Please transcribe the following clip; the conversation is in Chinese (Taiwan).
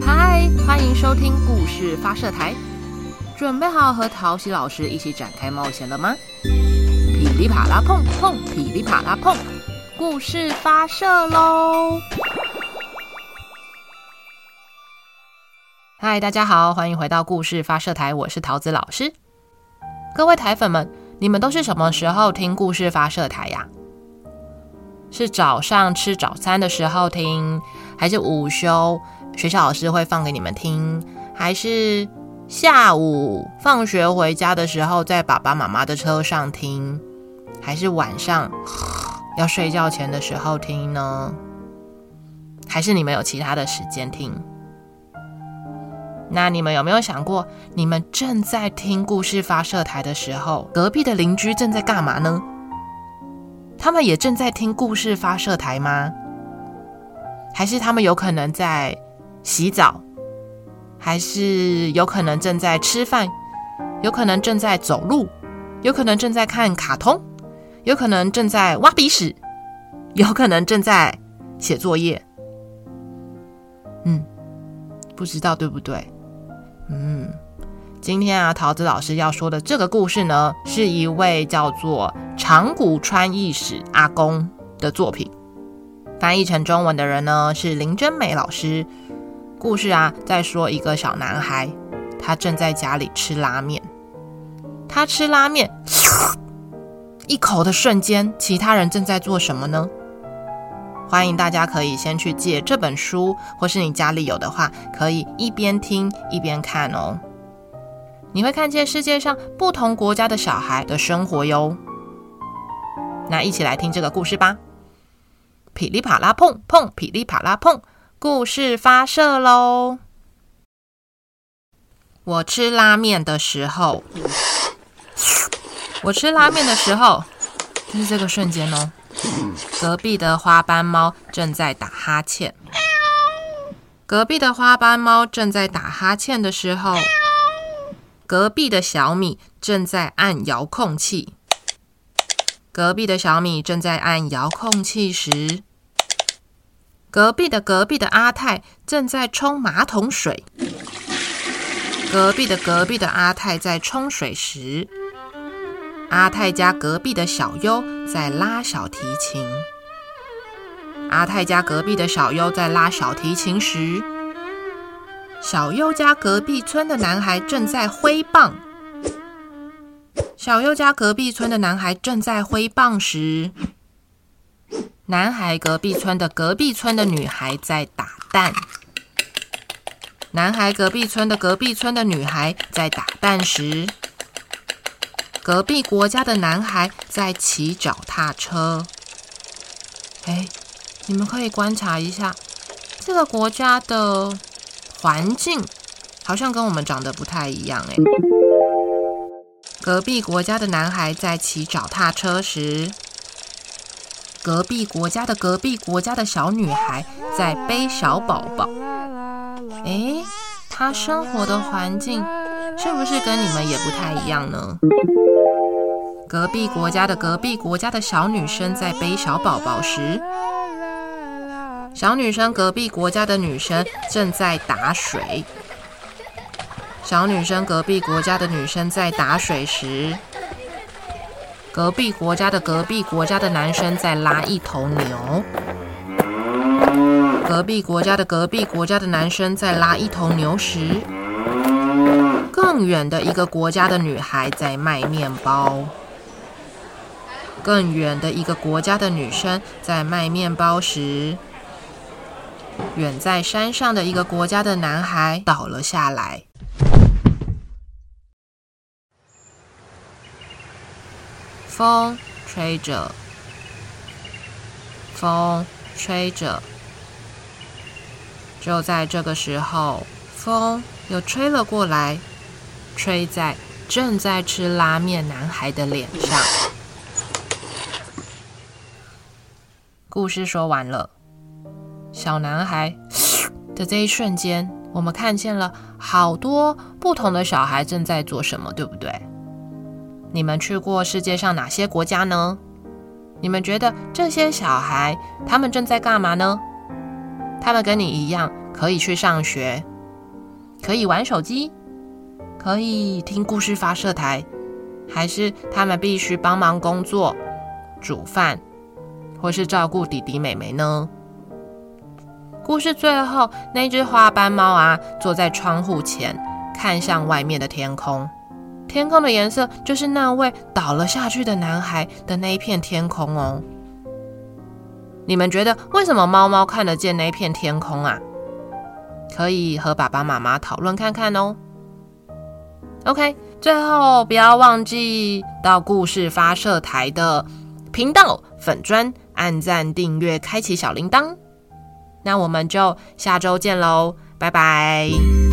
嗨，Hi, 歡迎收聽故事發射台，準備好和陶喜老師一起展開冒險了嗎？噼里啪啦碰碰，噼里啪啦碰，碰，故事發射嘍！嗨，大家好，歡迎回到故事發射台，我是桃子老師。各位台粉們，你們都是什麼時候聽故事發射台呀、啊？是早上吃早餐的時候聽？還是午休，學校老師會放給你們聽；還是下午放學回家的時候，在爸爸媽媽的車上聽；還是晚上要睡覺前的時候聽呢？還是你們有其他的時間聽？那你們有沒有想過，你們正在聽故事發射台的時候，隔壁的鄰居正在幹嘛呢？他們也正在聽故事發射台嗎？還是他們有可能在洗澡，還是有可能正在吃飯，有可能正在走路，有可能正在看卡通，有可能正在挖鼻屎，有可能正在寫作業。嗯，不知道對不對？嗯，今天啊，桃子老師要說的這個故事呢，是一位叫做長谷川義史阿公的作品。翻譯成中文的人呢，是林真美老師。故事啊，在說一個小男孩，他正在家裡吃拉麵。他吃拉麵一口的瞬間，其他人正在做什麼呢？歡迎大家可以先去借這本書，或是你家裡有的話，可以一邊聽一邊看哦。你會看見世界上不同國家的小孩的生活喲。那一起來聽這個故事吧。噼里啪啦碰碰，噼里啪啦碰，故事發射嘍！我吃拉麵的時候，我吃拉麵的時候，就是這個瞬間哦。隔壁的花斑貓正在打哈欠。隔壁的花斑貓正在打哈欠的時候，隔壁的小米正在按遙控器。隔壁的小米正在按遙控器時，隔壁的隔壁的阿泰正在沖馬桶水。隔壁的隔壁的阿泰在沖水時，阿泰家隔壁的小優在拉小提琴。阿泰家隔壁的小優在拉小提琴時，小優家隔壁村的男孩正在揮棒。小優家隔壁村的男孩正在揮棒時，男孩隔壁村的隔壁村的女孩在打蛋。男孩隔壁村的隔壁村的女孩在打蛋時，隔壁國家的男孩在騎腳踏車。哎、欸，你們可以觀察一下，這個國家的環境好像跟我們長得不太一樣、欸，哎。隔壁國家的男孩在騎腳踏車時，隔壁國家的隔壁國家的小女孩在背小寶寶。哎，她生活的環境是不是跟你們也不太一樣呢？隔壁國家的隔壁國家的小女生在背小寶寶時，小女生隔壁國家的女生正在打水。小女生隔壁國家的女生在打水時，隔壁國家的隔壁國家的男生在拉一頭牛。隔壁國家的隔壁國家的男生在拉一頭牛時，更遠的一個國家的女孩在賣麵包。更遠的一個國家的女生在賣麵包時，遠在山上的一個國家的男孩倒了下來。風吹着，風吹着，就在這個時候，風又吹了過來，吹在正在吃拉麵男孩的臉上。故事說完了，小男孩的這一瞬間，我們看見了好多不同的小孩正在做什麼，對不對？你們去過世界上哪些國家呢？你們覺得這些小孩他們正在幹嘛呢？他們跟你一樣可以去上學，可以玩手機，可以聽故事發射台，還是他們必須幫忙工作、煮飯，或是照顧弟弟妹妹呢？故事最後，那隻花斑貓啊，坐在窗戶前，看向外面的天空。天空的顏色就是那位倒了下去的男孩的那一片天空哦。你們覺得為什麼貓貓看得見那一片天空啊？可以和爸爸媽媽討論看看哦。OK，最後不要忘記到故事發射台的頻道粉專、按讚、訂閱、開啟小鈴鐺。那我們就下週見嘍，拜拜。嗯